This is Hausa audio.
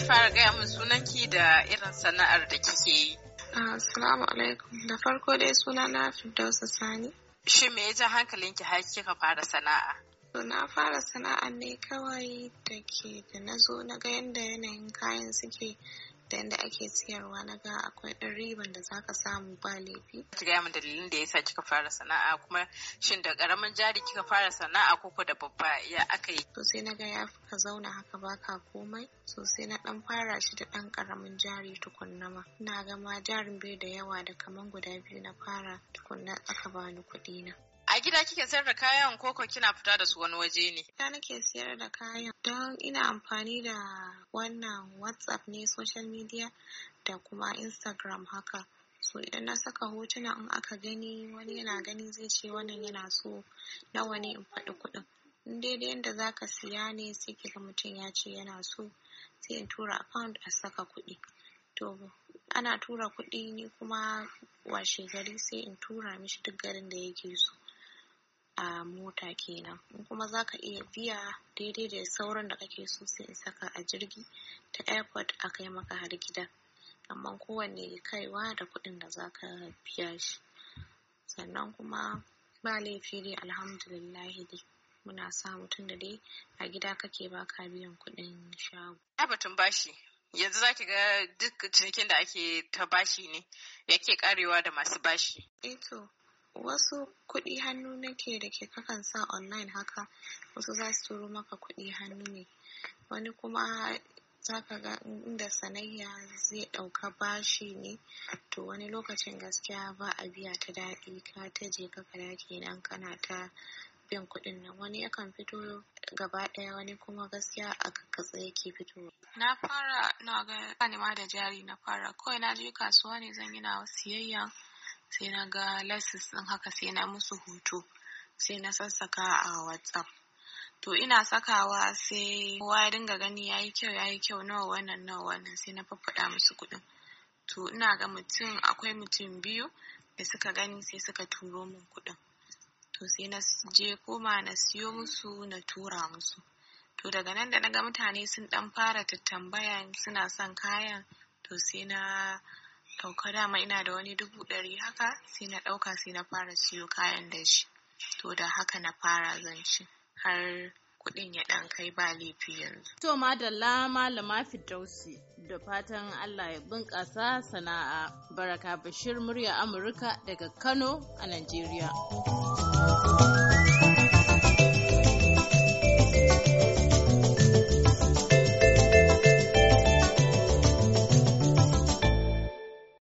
ki fara gaya min sunanki da irin sana'ar da kike yi. Ah, assalamu alaikum. Da farko dai suna na Firdausa Sani. Shi me ya ja ki har kika fara sana'a? To na fara sana'a ne kawai da ke da na zo na ga yanda yanayin kayan suke da yadda ake siyarwa na ga akwai ɗan riban da zaka samu ba laifi. Ki gaya min dalilin da ya sa kika fara sana'a kuma shin da ƙaramin jari kika fara sana'a ko ko da babba ya aka yi. To sai na ga ya ka zauna haka baka komai so sai na ɗan fara shi da ɗan ƙaramin jari tukunna ma. ina ga ma jarin bai da yawa da kaman guda biyu na fara tukunna aka bani kuɗi na. A gida kike sayar da kayan koko kina fita da su wani waje ne? Ina nake sayar da kayan don ina amfani da wannan WhatsApp ne social media da kuma Instagram haka. so idan na saka hotuna in aka gani wani yana gani zai ce wannan yana so nawa ne in faɗi kuɗin in daidai yadda za ka siya ne sai mutum ya ce yana so sai in tura account a saka kuɗi to ana tura kuɗi ni kuma washe gari sai in tura mishi duk garin da yake so a mota kenan in kuma za ka iya biya daidai da sauran da kake so sai in saka a jirgi ta airport a kai maka har gida amma kowanne kaiwa da kuɗin da za ka biya shi sannan kuma ba laifi dai alhamdulillahi dai muna sa mutum da dai a gida kake baka biyan kuɗin shago. Ya batun bashi yanzu zaki ga duk cinikin da ake ta bashi ne yake karewa da masu bashi. Eh to wasu kuɗi hannu nake da ke kakan sa online haka wasu za su turo maka kuɗi hannu ne wani kuma za ka ga inda sanayya zai ɗauka bashi ne to wani lokacin gaskiya ba a biya ta daɗi ka ta je ka kada kenan kana ta biyan kuɗin nan wani yakan fito gaba ɗaya wani kuma gaskiya a kakkatsa yake fito. Na fara na ga ma da jari na fara kawai na je kasuwa ne zan yi na siyayya sai na ga lasis ɗin haka sai na musu hoto sai na sassaka a whatsapp to ina sakawa sai kowa ya dinga gani yayi kyau yayi kyau nawa wannan nawa wannan sai na faffada musu kuɗin to ina ga mutum akwai mutum biyu da suka gani sai suka turo min kuɗin to sai na je koma na siyo musu na tura musu to daga nan da na ga mutane sun ɗan fara tattambayan suna son kayan to sai na ɗauka dama ina da wani dubu ɗari haka sai na ɗauka sai na fara siyo kayan da shi to da haka na fara zanci har kuɗin ya ɗan kai ba laifi yanzu. To madalla malama lama da fatan Allah ya bunƙasa sana'a baraka bashir murya Amurka daga Kano a Najeriya.